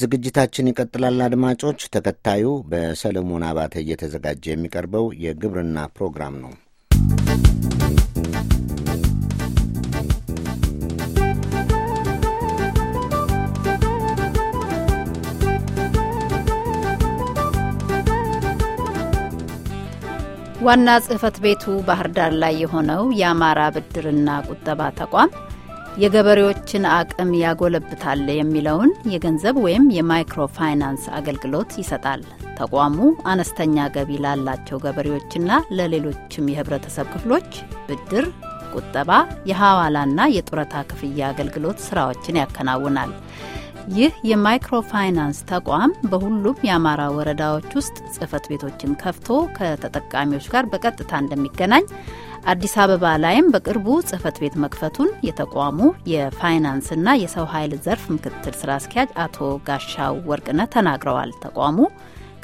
ዝግጅታችን ይቀጥላል። አድማጮች፣ ተከታዩ በሰለሞን አባተ እየተዘጋጀ የሚቀርበው የግብርና ፕሮግራም ነው። ዋና ጽህፈት ቤቱ ባህር ዳር ላይ የሆነው የአማራ ብድርና ቁጠባ ተቋም የገበሬዎችን አቅም ያጎለብታል የሚለውን የገንዘብ ወይም የማይክሮ ፋይናንስ አገልግሎት ይሰጣል። ተቋሙ አነስተኛ ገቢ ላላቸው ገበሬዎችና ለሌሎችም የህብረተሰብ ክፍሎች ብድር፣ ቁጠባ፣ የሐዋላና የጡረታ ክፍያ አገልግሎት ስራዎችን ያከናውናል። ይህ የማይክሮ ፋይናንስ ተቋም በሁሉም የአማራ ወረዳዎች ውስጥ ጽህፈት ቤቶችን ከፍቶ ከተጠቃሚዎች ጋር በቀጥታ እንደሚገናኝ አዲስ አበባ ላይም በቅርቡ ጽህፈት ቤት መክፈቱን የተቋሙ የፋይናንስና የሰው ኃይል ዘርፍ ምክትል ስራ አስኪያጅ አቶ ጋሻው ወርቅነህ ተናግረዋል። ተቋሙ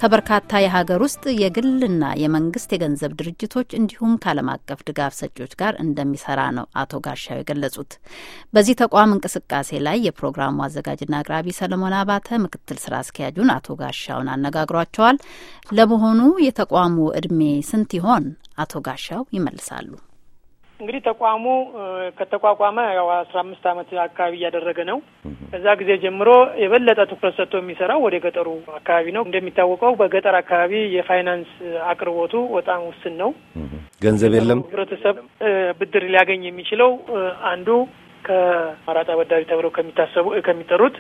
ከበርካታ የሀገር ውስጥ የግልና የመንግስት የገንዘብ ድርጅቶች እንዲሁም ከዓለም አቀፍ ድጋፍ ሰጪዎች ጋር እንደሚሰራ ነው አቶ ጋሻው የገለጹት። በዚህ ተቋም እንቅስቃሴ ላይ የፕሮግራሙ አዘጋጅና አቅራቢ ሰለሞን አባተ ምክትል ስራ አስኪያጁን አቶ ጋሻውን አነጋግሯቸዋል። ለመሆኑ የተቋሙ እድሜ ስንት ይሆን? አቶ ጋሻው ይመልሳሉ። እንግዲህ ተቋሙ ከተቋቋመ ያው አስራ አምስት አመት አካባቢ እያደረገ ነው። ከዛ ጊዜ ጀምሮ የበለጠ ትኩረት ሰጥቶ የሚሰራው ወደ ገጠሩ አካባቢ ነው። እንደሚታወቀው በገጠር አካባቢ የፋይናንስ አቅርቦቱ በጣም ውስን ነው። ገንዘብ የለም። ህብረተሰብ ብድር ሊያገኝ የሚችለው አንዱ ከአራጣ በዳሪ ተብለው ከሚታሰቡ ከሚጠሩት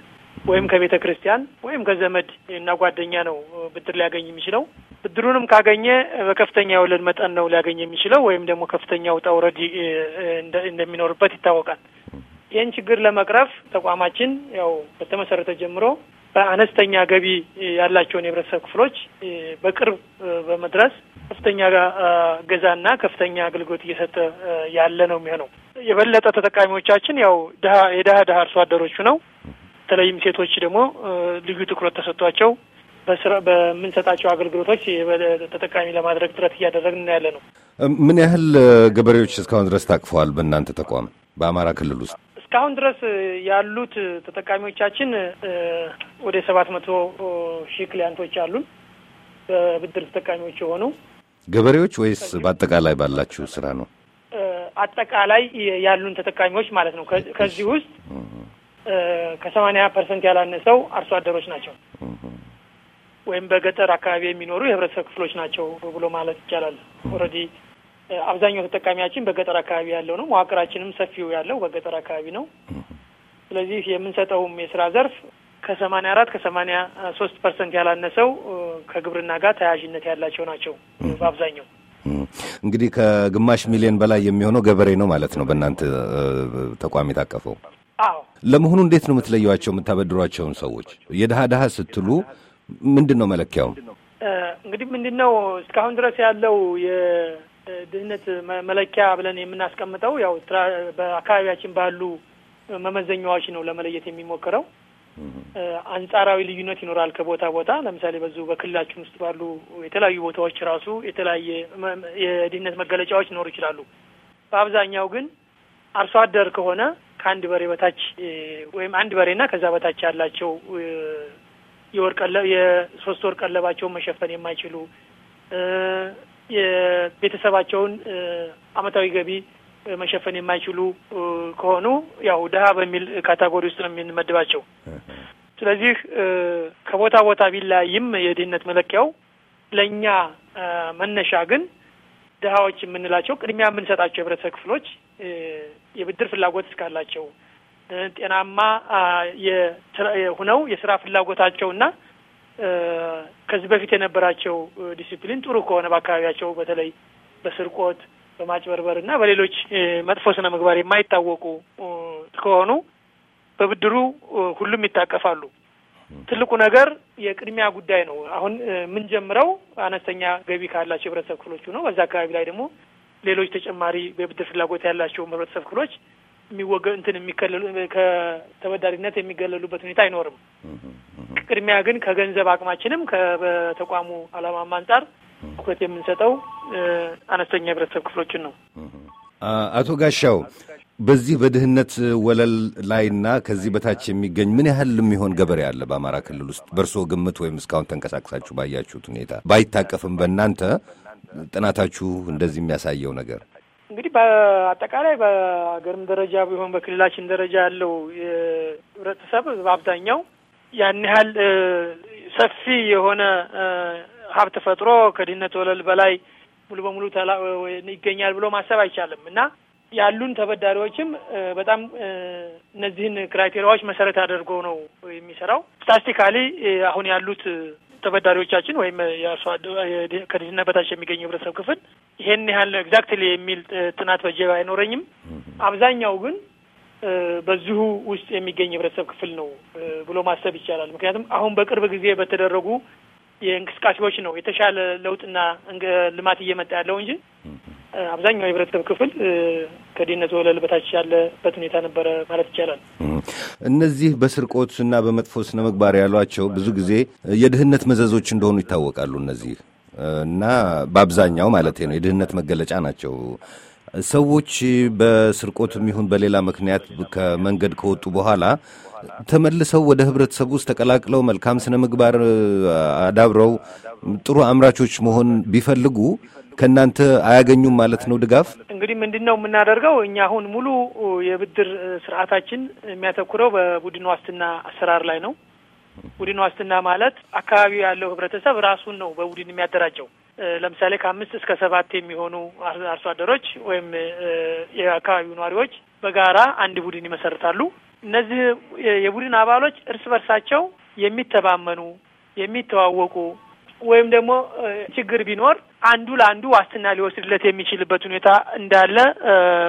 ወይም ከቤተ ክርስቲያን ወይም ከዘመድ እና ጓደኛ ነው ብድር ሊያገኝ የሚችለው። ብድሩንም ካገኘ በከፍተኛ የወለድ መጠን ነው ሊያገኝ የሚችለው ወይም ደግሞ ከፍተኛ ውጣ ውረድ እንደሚኖርበት ይታወቃል። ይህን ችግር ለመቅረፍ ተቋማችን ያው በተመሰረተ ጀምሮ በአነስተኛ ገቢ ያላቸውን የህብረተሰብ ክፍሎች በቅርብ በመድረስ ከፍተኛ ገዛና ከፍተኛ አገልግሎት እየሰጠ ያለ ነው የሚሆነው። የበለጠ ተጠቃሚዎቻችን ያው ድሀ የድሀ ድሀ አርሶ አደሮቹ ነው። በተለይም ሴቶች ደግሞ ልዩ ትኩረት ተሰጥቷቸው በስራ በምንሰጣቸው አገልግሎቶች ተጠቃሚ ለማድረግ ጥረት እያደረግን ያለ ነው። ምን ያህል ገበሬዎች እስካሁን ድረስ ታቅፈዋል በእናንተ ተቋም በአማራ ክልል ውስጥ? እስካሁን ድረስ ያሉት ተጠቃሚዎቻችን ወደ ሰባት መቶ ሺህ ክሊያንቶች አሉን በብድር ተጠቃሚዎች የሆኑ ገበሬዎች ወይስ በአጠቃላይ ባላችሁ ስራ ነው? አጠቃላይ ያሉን ተጠቃሚዎች ማለት ነው። ከዚህ ውስጥ ከሰማንያ ፐርሰንት ያላነሰው አርሶ አደሮች ናቸው ወይም በገጠር አካባቢ የሚኖሩ የህብረተሰብ ክፍሎች ናቸው ብሎ ማለት ይቻላል። ኦልሬዲ አብዛኛው ተጠቃሚያችን በገጠር አካባቢ ያለው ነው። መዋቅራችንም ሰፊው ያለው በገጠር አካባቢ ነው። ስለዚህ የምንሰጠውም የስራ ዘርፍ ከሰማንያ አራት ከሰማንያ ሶስት ፐርሰንት ያላነሰው ከግብርና ጋር ተያያዥነት ያላቸው ናቸው በአብዛኛው። እንግዲህ ከግማሽ ሚሊዮን በላይ የሚሆነው ገበሬ ነው ማለት ነው በእናንተ ተቋም የታቀፈው ለመሆኑ እንዴት ነው የምትለየዋቸው? የምታበድሯቸውን ሰዎች የድሃ ድሃ ስትሉ ምንድን ነው መለኪያው? እንግዲህ ምንድን ነው እስካሁን ድረስ ያለው የድህነት መለኪያ ብለን የምናስቀምጠው ያው በአካባቢያችን ባሉ መመዘኛዎች ነው ለመለየት የሚሞክረው። አንጻራዊ ልዩነት ይኖራል ከቦታ ቦታ። ለምሳሌ በዙ በክልላችን ውስጥ ባሉ የተለያዩ ቦታዎች ራሱ የተለያየ የድህነት መገለጫዎች ሊኖሩ ይችላሉ። በአብዛኛው ግን አርሶ አደር ከሆነ ከአንድ በሬ በታች ወይም አንድ በሬና ከዛ በታች ያላቸው የወር ቀለብ የሶስት ወር ቀለባቸውን መሸፈን የማይችሉ የቤተሰባቸውን አመታዊ ገቢ መሸፈን የማይችሉ ከሆኑ ያው ድሀ በሚል ካታጎሪ ውስጥ ነው የምንመድባቸው። ስለዚህ ከቦታ ቦታ ቢላይም የድህነት መለኪያው ለእኛ መነሻ ግን ድሀዎች የምንላቸው ቅድሚያ የምንሰጣቸው የህብረተሰብ ክፍሎች የብድር ፍላጎት እስካላቸው ጤናማ ሁነው የስራ ፍላጎታቸውና ከዚህ በፊት የነበራቸው ዲሲፕሊን ጥሩ ከሆነ በአካባቢያቸው በተለይ በስርቆት በማጭበርበር እና በሌሎች መጥፎ ስነ ምግባር የማይታወቁ ከሆኑ በብድሩ ሁሉም ይታቀፋሉ። ትልቁ ነገር የቅድሚያ ጉዳይ ነው። አሁን የምንጀምረው አነስተኛ ገቢ ካላቸው የህብረተሰብ ክፍሎቹ ነው። በዛ አካባቢ ላይ ደግሞ ሌሎች ተጨማሪ በብድር ፍላጎት ያላቸው ህብረተሰብ ክፍሎች የሚወገ እንትን የሚከለሉ ከተበዳሪነት የሚገለሉበት ሁኔታ አይኖርም። ቅድሚያ ግን ከገንዘብ አቅማችንም ከተቋሙ አላማም አንጻር ትኩረት የምንሰጠው አነስተኛ ህብረተሰብ ክፍሎችን ነው። አቶ ጋሻው በዚህ በድህነት ወለል ላይና ከዚህ በታች የሚገኝ ምን ያህል የሚሆን ገበሬ አለ በአማራ ክልል ውስጥ በእርስዎ ግምት ወይም እስካሁን ተንቀሳቅሳችሁ ባያችሁት ሁኔታ ባይታቀፍም በእናንተ ጥናታችሁ እንደዚህ የሚያሳየው ነገር እንግዲህ በአጠቃላይ በሀገርም ደረጃ ቢሆን በክልላችን ደረጃ ያለው ህብረተሰብ በአብዛኛው ያን ያህል ሰፊ የሆነ ሀብት ፈጥሮ ከድህነት ወለል በላይ ሙሉ በሙሉ ይገኛል ብሎ ማሰብ አይቻልም እና ያሉን ተበዳሪዎችም በጣም እነዚህን ክራይቴሪያዎች መሰረት አድርጎ ነው የሚሰራው። ስታስቲካሊ አሁን ያሉት ተበዳሪዎቻችን ወይም ከድህነት በታች የሚገኝ ህብረተሰብ ክፍል ይሄን ያህል ኤግዛክትሊ የሚል ጥናት በጀባ አይኖረኝም። አብዛኛው ግን በዚሁ ውስጥ የሚገኝ ህብረተሰብ ክፍል ነው ብሎ ማሰብ ይቻላል። ምክንያቱም አሁን በቅርብ ጊዜ በተደረጉ የእንቅስቃሴዎች ነው የተሻለ ለውጥና ልማት እየመጣ ያለው እንጂ አብዛኛው የህብረተሰብ ክፍል ከድህነት ወለል በታች ያለበት ሁኔታ ነበረ ማለት ይቻላል። እነዚህ በስርቆት እና በመጥፎ ስነ ምግባር ያሏቸው ብዙ ጊዜ የድህነት መዘዞች እንደሆኑ ይታወቃሉ። እነዚህ እና በአብዛኛው ማለት ነው የድህነት መገለጫ ናቸው። ሰዎች በስርቆት የሚሆን በሌላ ምክንያት ከመንገድ ከወጡ በኋላ ተመልሰው ወደ ህብረተሰቡ ውስጥ ተቀላቅለው መልካም ስነ ምግባር አዳብረው ጥሩ አምራቾች መሆን ቢፈልጉ ከእናንተ አያገኙም ማለት ነው ድጋፍ? እንግዲህ ምንድን ነው የምናደርገው እኛ አሁን ሙሉ የብድር ስርዓታችን የሚያተኩረው በቡድን ዋስትና አሰራር ላይ ነው። ቡድን ዋስትና ማለት አካባቢው ያለው ህብረተሰብ ራሱን ነው በቡድን የሚያደራጀው። ለምሳሌ ከአምስት እስከ ሰባት የሚሆኑ አርሶ አደሮች ወይም የአካባቢው ነዋሪዎች በጋራ አንድ ቡድን ይመሰርታሉ። እነዚህ የቡድን አባሎች እርስ በርሳቸው የሚተማመኑ የሚተዋወቁ ወይም ደግሞ ችግር ቢኖር አንዱ ለአንዱ ዋስትና ሊወስድለት የሚችልበት ሁኔታ እንዳለ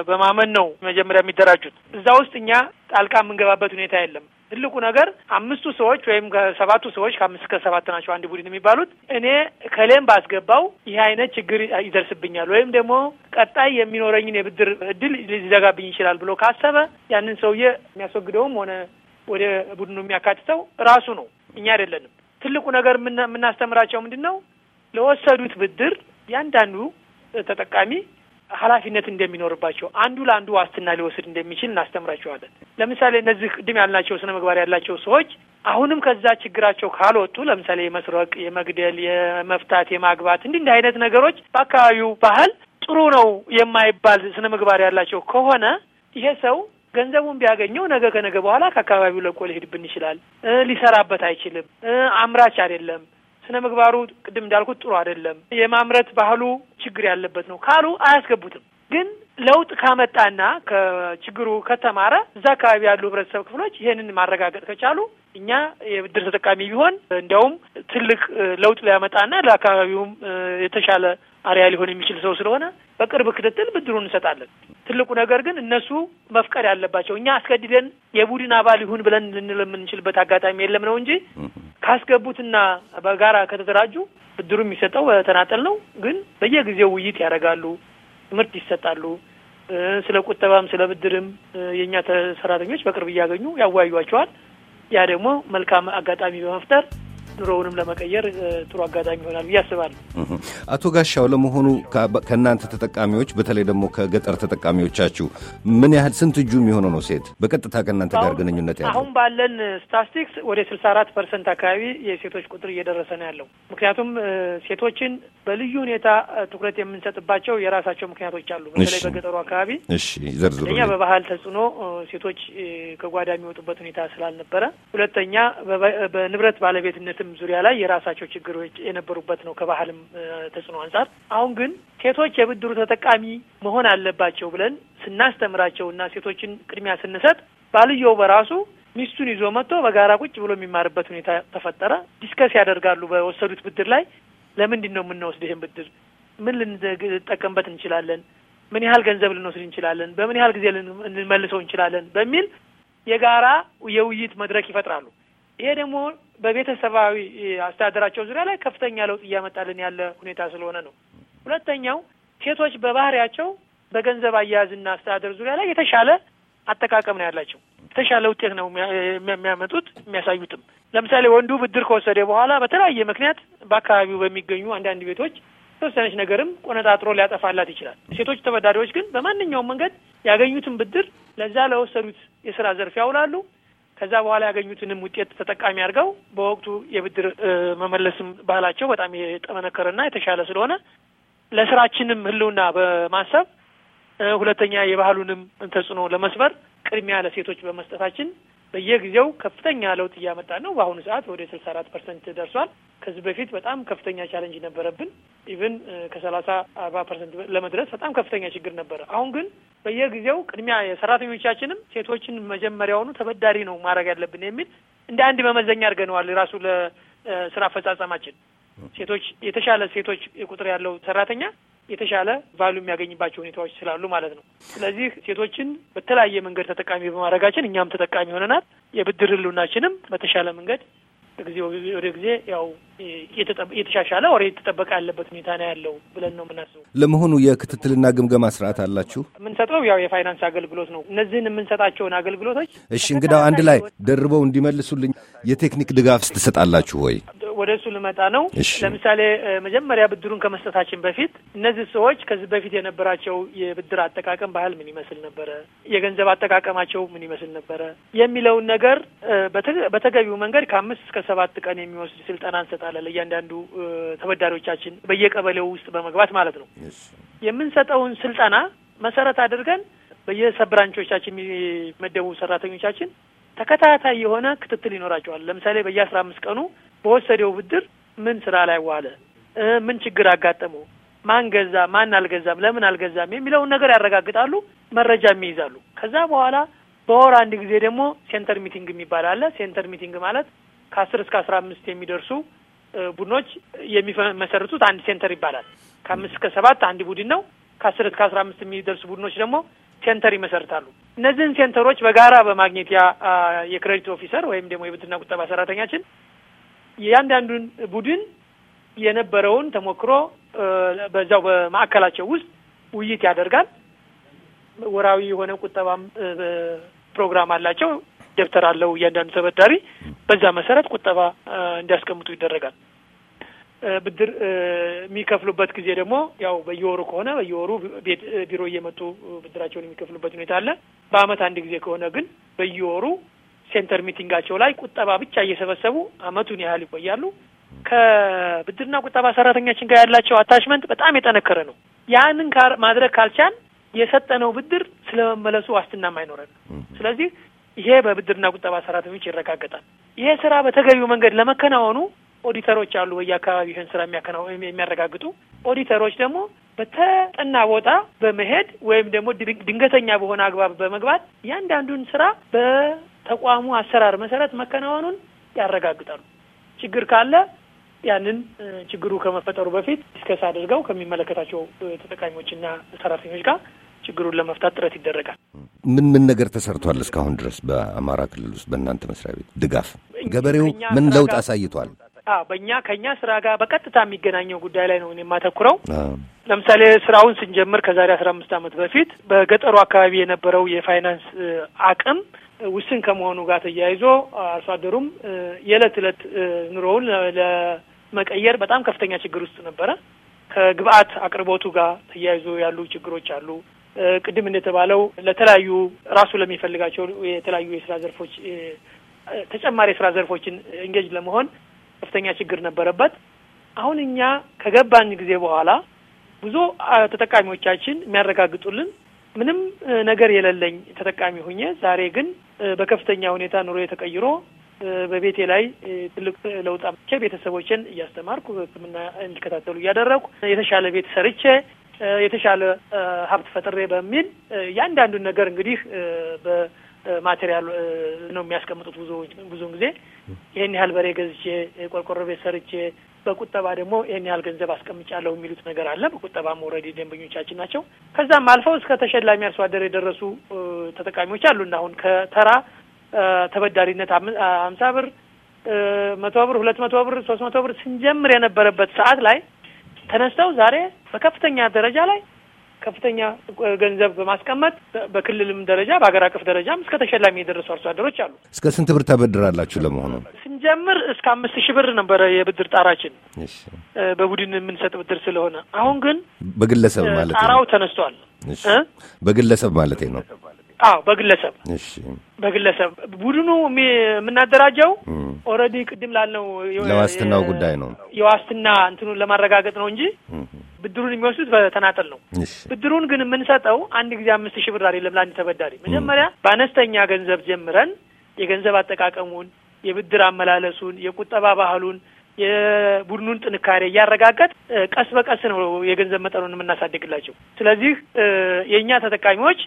በማመን ነው መጀመሪያ የሚደራጁት። እዛ ውስጥ እኛ ጣልቃ የምንገባበት ሁኔታ የለም። ትልቁ ነገር አምስቱ ሰዎች ወይም ከሰባቱ ሰዎች ከአምስት ከሰባት ናቸው አንድ ቡድን የሚባሉት እኔ ከሌም ባስገባው ይህ አይነት ችግር ይደርስብኛል ወይም ደግሞ ቀጣይ የሚኖረኝን የብድር እድል ሊዘጋብኝ ይችላል ብሎ ካሰበ ያንን ሰውዬ የሚያስወግደውም ሆነ ወደ ቡድኑ የሚያካትተው ራሱ ነው፣ እኛ አይደለንም። ትልቁ ነገር የምናስተምራቸው ምንድን ነው? ለወሰዱት ብድር ያንዳንዱ ተጠቃሚ ኃላፊነት እንደሚኖርባቸው አንዱ ለአንዱ ዋስትና ሊወስድ እንደሚችል እናስተምራቸዋለን። ለምሳሌ እነዚህ ቅድም ያልናቸው ስነ ምግባር ያላቸው ሰዎች አሁንም ከዛ ችግራቸው ካልወጡ ለምሳሌ የመስረቅ፣ የመግደል፣ የመፍታት፣ የማግባት እንዲህ እንዲህ አይነት ነገሮች በአካባቢው ባህል ጥሩ ነው የማይባል ስነ ምግባር ያላቸው ከሆነ ይሄ ሰው ገንዘቡን ቢያገኘው ነገ ከነገ በኋላ ከአካባቢው ለቆ ሊሄድብን ይችላል። ሊሰራበት አይችልም። አምራች አይደለም። ስነ ምግባሩ ቅድም እንዳልኩት ጥሩ አይደለም። የማምረት ባህሉ ችግር ያለበት ነው ካሉ አያስገቡትም። ግን ለውጥ ካመጣና ከችግሩ ከተማረ እዛ አካባቢ ያሉ ህብረተሰብ ክፍሎች ይህንን ማረጋገጥ ከቻሉ እኛ የብድር ተጠቃሚ ቢሆን እንዲያውም ትልቅ ለውጥ ሊያመጣና ለአካባቢውም የተሻለ አሪያ ሊሆን የሚችል ሰው ስለሆነ በቅርብ ክትትል ብድሩን እንሰጣለን። ትልቁ ነገር ግን እነሱ መፍቀድ ያለባቸው እኛ አስገድደን የቡድን አባል ይሁን ብለን ልንል የምንችልበት አጋጣሚ የለም ነው እንጂ ካስገቡትና በጋራ ከተደራጁ ብድሩ የሚሰጠው በተናጠል ነው። ግን በየጊዜው ውይይት ያደርጋሉ፣ ትምህርት ይሰጣሉ። ስለ ቁጠባም ስለ ብድርም የእኛ ሰራተኞች በቅርብ እያገኙ ያወያዩቸዋል። ያ ደግሞ መልካም አጋጣሚ በመፍጠር ኑሮውንም ለመቀየር ጥሩ አጋጣሚ ይሆናል ብዬ አስባለሁ። አቶ ጋሻው፣ ለመሆኑ ከእናንተ ተጠቃሚዎች በተለይ ደግሞ ከገጠር ተጠቃሚዎቻችሁ ምን ያህል ስንት እጁ የሚሆነው ነው ሴት በቀጥታ ከእናንተ ጋር ግንኙነት ያለው? አሁን ባለን ስታስቲክስ ወደ ስልሳ አራት ፐርሰንት አካባቢ የሴቶች ቁጥር እየደረሰ ነው ያለው። ምክንያቱም ሴቶችን በልዩ ሁኔታ ትኩረት የምንሰጥባቸው የራሳቸው ምክንያቶች አሉ። በተለይ በገጠሩ አካባቢ ዘርዝሩ። በባህል ተጽዕኖ ሴቶች ከጓዳ የሚወጡበት ሁኔታ ስላልነበረ፣ ሁለተኛ በንብረት ባለቤትነት በትምህርትም ዙሪያ ላይ የራሳቸው ችግሮች የነበሩበት ነው ከባህልም ተጽዕኖ አንጻር። አሁን ግን ሴቶች የብድሩ ተጠቃሚ መሆን አለባቸው ብለን ስናስተምራቸው እና ሴቶችን ቅድሚያ ስንሰጥ ባልየው በራሱ ሚስቱን ይዞ መጥቶ በጋራ ቁጭ ብሎ የሚማርበት ሁኔታ ተፈጠረ። ዲስከስ ያደርጋሉ በወሰዱት ብድር ላይ ለምንድን ነው የምንወስድ? ይህን ብድር ምን ልንጠቀምበት እንችላለን? ምን ያህል ገንዘብ ልንወስድ እንችላለን? በምን ያህል ጊዜ ልንመልሰው እንችላለን? በሚል የጋራ የውይይት መድረክ ይፈጥራሉ። ይሄ ደግሞ በቤተሰባዊ አስተዳደራቸው ዙሪያ ላይ ከፍተኛ ለውጥ እያመጣልን ያለ ሁኔታ ስለሆነ ነው። ሁለተኛው ሴቶች በባህሪያቸው በገንዘብ አያያዝና አስተዳደር ዙሪያ ላይ የተሻለ አጠቃቀም ነው ያላቸው። የተሻለ ውጤት ነው የሚያመጡት የሚያሳዩትም። ለምሳሌ ወንዱ ብድር ከወሰደ በኋላ በተለያየ ምክንያት በአካባቢው በሚገኙ አንዳንድ ቤቶች የተወሰነች ነገርም ቆነጣጥሮ ሊያጠፋላት ይችላል። ሴቶች ተበዳሪዎች ግን በማንኛውም መንገድ ያገኙትን ብድር ለዛ ለወሰዱት የስራ ዘርፍ ያውላሉ። ከዛ በኋላ ያገኙትንም ውጤት ተጠቃሚ አድርገው በወቅቱ የብድር መመለስም ባህላቸው በጣም የጠመነከረና የተሻለ ስለሆነ ለስራችንም ህልውና በማሰብ ሁለተኛ የባህሉንም ተጽዕኖ ለመስበር ቅድሚያ ለሴቶች በመስጠታችን በየጊዜው ከፍተኛ ለውጥ እያመጣ ነው። በአሁኑ ሰዓት ወደ ስልሳ አራት ፐርሰንት ደርሷል። ከዚህ በፊት በጣም ከፍተኛ ቻለንጅ ነበረብን። ኢቭን ከሰላሳ አርባ ፐርሰንት ለመድረስ በጣም ከፍተኛ ችግር ነበረ። አሁን ግን በየጊዜው ቅድሚያ የሰራተኞቻችንም ሴቶችን መጀመሪያውኑ ተበዳሪ ነው ማድረግ ያለብን የሚል እንደ አንድ መመዘኛ አድርገነዋል። ራሱ ለስራ አፈጻጸማችን ሴቶች የተሻለ ሴቶች ቁጥር ያለው ሰራተኛ የተሻለ ቫሉ የሚያገኝባቸው ሁኔታዎች ስላሉ ማለት ነው። ስለዚህ ሴቶችን በተለያየ መንገድ ተጠቃሚ በማድረጋችን እኛም ተጠቃሚ ሆነናል። የብድር ህልውናችንም በተሻለ መንገድ ጊዜ ወደ ጊዜ ያው የተሻሻለ ወሬ የተጠበቀ ያለበት ሁኔታ ነው ያለው ብለን ነው የምናስበው። ለመሆኑ የክትትልና ግምገማ ስርዓት አላችሁ? የምንሰጠው ያው የፋይናንስ አገልግሎት ነው። እነዚህን የምንሰጣቸውን አገልግሎቶች እሺ፣ እንግዳው አንድ ላይ ደርበው እንዲመልሱልኝ የቴክኒክ ድጋፍ ስትሰጣላችሁ ወይ? ወደ እሱ ልመጣ ነው። ለምሳሌ መጀመሪያ ብድሩን ከመስጠታችን በፊት እነዚህ ሰዎች ከዚህ በፊት የነበራቸው የብድር አጠቃቀም ባህል ምን ይመስል ነበረ፣ የገንዘብ አጠቃቀማቸው ምን ይመስል ነበረ የሚለውን ነገር በተገቢው መንገድ ከአምስት እስከ ሰባት ቀን የሚወስድ ስልጠና እንሰጣለን ለእያንዳንዱ ተበዳሪዎቻችን በየቀበሌው ውስጥ በመግባት ማለት ነው። የምንሰጠውን ስልጠና መሰረት አድርገን በየሰብራንቾቻችን የሚመደቡ ሰራተኞቻችን ተከታታይ የሆነ ክትትል ይኖራቸዋል። ለምሳሌ በየአስራ አምስት ቀኑ በወሰደው ብድር ምን ስራ ላይ ዋለ፣ ምን ችግር አጋጠመው፣ ማን ገዛ፣ ማን አልገዛም፣ ለምን አልገዛም የሚለውን ነገር ያረጋግጣሉ፣ መረጃም ይይዛሉ። ከዛ በኋላ በወር አንድ ጊዜ ደግሞ ሴንተር ሚቲንግ የሚባል አለ። ሴንተር ሚቲንግ ማለት ከአስር እስከ አስራ አምስት የሚደርሱ ቡድኖች የሚመሰርቱት አንድ ሴንተር ይባላል። ከአምስት እስከ ሰባት አንድ ቡድን ነው። ከአስር እስከ አስራ አምስት የሚደርሱ ቡድኖች ደግሞ ሴንተር ይመሰርታሉ። እነዚህን ሴንተሮች በጋራ በማግኘት ያ የክሬዲት ኦፊሰር ወይም ደግሞ የብድርና ቁጠባ ሰራተኛችን የእያንዳንዱን ቡድን የነበረውን ተሞክሮ በዛው በማዕከላቸው ውስጥ ውይይት ያደርጋል። ወራዊ የሆነ ቁጠባም ፕሮግራም አላቸው። ደብተር አለው እያንዳንዱ ተበዳሪ። በዛ መሰረት ቁጠባ እንዲያስቀምጡ ይደረጋል። ብድር የሚከፍሉበት ጊዜ ደግሞ ያው በየወሩ ከሆነ በየወሩ ቢሮ እየመጡ ብድራቸውን የሚከፍሉበት ሁኔታ አለ። በአመት አንድ ጊዜ ከሆነ ግን በየወሩ ሴንተር ሚቲንጋቸው ላይ ቁጠባ ብቻ እየሰበሰቡ አመቱን ያህል ይቆያሉ። ከብድርና ቁጠባ ሰራተኛችን ጋር ያላቸው አታችመንት በጣም የጠነከረ ነው። ያንን ማድረግ ካልቻን የሰጠነው ብድር ስለመመለሱ ዋስትናም አይኖረንም። ስለዚህ ይሄ በብድርና ቁጠባ ሰራተኞች ይረጋገጣል። ይሄ ስራ በተገቢው መንገድ ለመከናወኑ ኦዲተሮች አሉ፣ በየአካባቢው ይህን ስራ የሚያረጋግጡ ኦዲተሮች ደግሞ በተጠና ቦታ በመሄድ ወይም ደግሞ ድንገተኛ በሆነ አግባብ በመግባት እያንዳንዱን ስራ በ ተቋሙ አሰራር መሰረት መከናወኑን ያረጋግጣሉ። ችግር ካለ ያንን ችግሩ ከመፈጠሩ በፊት ዲስከስ አድርገው ከሚመለከታቸው ተጠቃሚዎችና ሰራተኞች ጋር ችግሩን ለመፍታት ጥረት ይደረጋል። ምን ምን ነገር ተሰርቷል እስካሁን ድረስ በአማራ ክልል ውስጥ በእናንተ መስሪያ ቤት ድጋፍ ገበሬው ምን ለውጥ አሳይቷል? በእኛ ከእኛ ስራ ጋር በቀጥታ የሚገናኘው ጉዳይ ላይ ነው እኔ የማተኩረው። ለምሳሌ ስራውን ስንጀምር ከዛሬ አስራ አምስት ዓመት በፊት በገጠሩ አካባቢ የነበረው የፋይናንስ አቅም ውስን ከመሆኑ ጋር ተያይዞ አርሶ አደሩም የዕለት ዕለት ኑሮውን ለመቀየር በጣም ከፍተኛ ችግር ውስጥ ነበረ። ከግብአት አቅርቦቱ ጋር ተያይዞ ያሉ ችግሮች አሉ። ቅድም እንደተባለው ለተለያዩ ራሱ ለሚፈልጋቸው የተለያዩ የስራ ዘርፎች ተጨማሪ የስራ ዘርፎችን እንጌጅ ለመሆን ከፍተኛ ችግር ነበረበት። አሁን እኛ ከገባን ጊዜ በኋላ ብዙ ተጠቃሚዎቻችን የሚያረጋግጡልን ምንም ነገር የሌለኝ ተጠቃሚ ሁኜ ዛሬ ግን በከፍተኛ ሁኔታ ኑሮ የተቀይሮ በቤቴ ላይ ትልቅ ለውጥ አምጥቼ ቤተሰቦችን እያስተማርኩ ሕክምና እንዲከታተሉ እያደረግኩ የተሻለ ቤት ሰርቼ የተሻለ ሀብት ፈጥሬ በሚል እያንዳንዱን ነገር እንግዲህ በማቴሪያል ነው የሚያስቀምጡት ብዙውን ጊዜ ይህን ያህል በሬ ገዝቼ ቆርቆሮ ቤት ሰርቼ በቁጠባ ደግሞ ይህን ያህል ገንዘብ አስቀምጫለሁ የሚሉት ነገር አለ። በቁጠባ መውረድ ደንበኞቻችን ናቸው። ከዛም አልፈው እስከ ተሸላሚ አርሶ አደር የደረሱ ተጠቃሚዎች አሉና አሁን ከተራ ተበዳሪነት አምሳ ብር መቶ ብር ሁለት መቶ ብር ሶስት መቶ ብር ስንጀምር የነበረበት ሰዓት ላይ ተነስተው ዛሬ በከፍተኛ ደረጃ ላይ ከፍተኛ ገንዘብ በማስቀመጥ በክልልም ደረጃ በሀገር አቀፍ ደረጃም እስከ ተሸላሚ የደረሱ አርሶ አደሮች አሉ። እስከ ስንት ብር ተበድራላችሁ ለመሆኑ? ስንጀምር እስከ አምስት ሺህ ብር ነበረ የብድር ጣራችን በቡድን የምንሰጥ ብድር ስለሆነ፣ አሁን ግን በግለሰብ ማለት ጣራው ተነስቷል። በግለሰብ ማለት ነው። አዎ በግለሰብ በግለሰብ ቡድኑ የምናደራጀው ኦልሬዲ ቅድም ላልነው ለዋስትናው ጉዳይ ነው። የዋስትና እንትኑን ለማረጋገጥ ነው እንጂ ብድሩን የሚወስዱት በተናጠል ነው። ብድሩን ግን የምንሰጠው አንድ ጊዜ አምስት ሺህ ብር አይደለም ለአንድ ተበዳሪ። መጀመሪያ በአነስተኛ ገንዘብ ጀምረን የገንዘብ አጠቃቀሙን የብድር አመላለሱን፣ የቁጠባ ባህሉን፣ የቡድኑን ጥንካሬ እያረጋገጥ ቀስ በቀስ ነው የገንዘብ መጠኑን የምናሳድግላቸው። ስለዚህ የእኛ ተጠቃሚዎች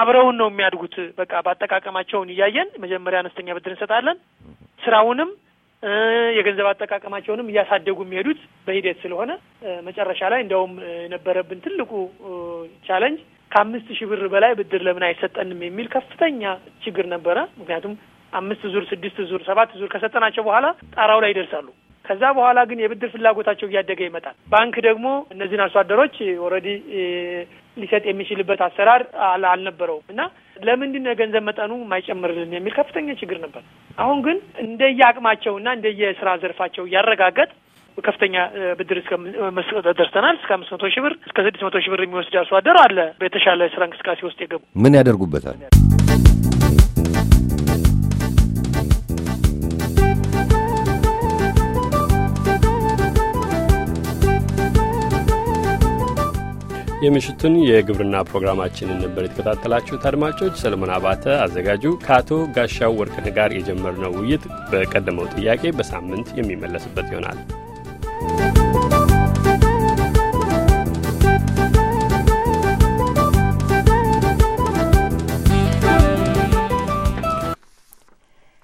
አብረውን ነው የሚያድጉት። በቃ በአጠቃቀማቸውን እያየን መጀመሪያ አነስተኛ ብድር እንሰጣለን። ስራውንም የገንዘብ አጠቃቀማቸውንም እያሳደጉ የሚሄዱት በሂደት ስለሆነ መጨረሻ ላይ እንደውም የነበረብን ትልቁ ቻለንጅ ከአምስት ሺህ ብር በላይ ብድር ለምን አይሰጠንም የሚል ከፍተኛ ችግር ነበረ። ምክንያቱም አምስት ዙር፣ ስድስት ዙር፣ ሰባት ዙር ከሰጠናቸው በኋላ ጣራው ላይ ይደርሳሉ። ከዛ በኋላ ግን የብድር ፍላጎታቸው እያደገ ይመጣል። ባንክ ደግሞ እነዚህን አርሶ አደሮች ኦልሬዲ ሊሰጥ የሚችልበት አሰራር አልነበረውም እና ለምንድን ነው ገንዘብ መጠኑ የማይጨምርልን የሚል ከፍተኛ ችግር ነበር። አሁን ግን እንደየ አቅማቸውና እንደየስራ ዘርፋቸው እያረጋገጥ ከፍተኛ ብድር ደርሰናል። እስከ አምስት መቶ ሺህ ብር እስከ ስድስት መቶ ሺህ ብር የሚወስድ አርሶ አደር አለ። በተሻለ ስራ እንቅስቃሴ ውስጥ የገቡ ምን ያደርጉበታል? የምሽቱን የግብርና ፕሮግራማችንን ነበር የተከታተላችሁት አድማጮች። ሰለሞን አባተ አዘጋጁ ከአቶ ጋሻው ወርቅነህ ጋር የጀመርነው ውይይት በቀደመው ጥያቄ በሳምንት የሚመለስበት ይሆናል።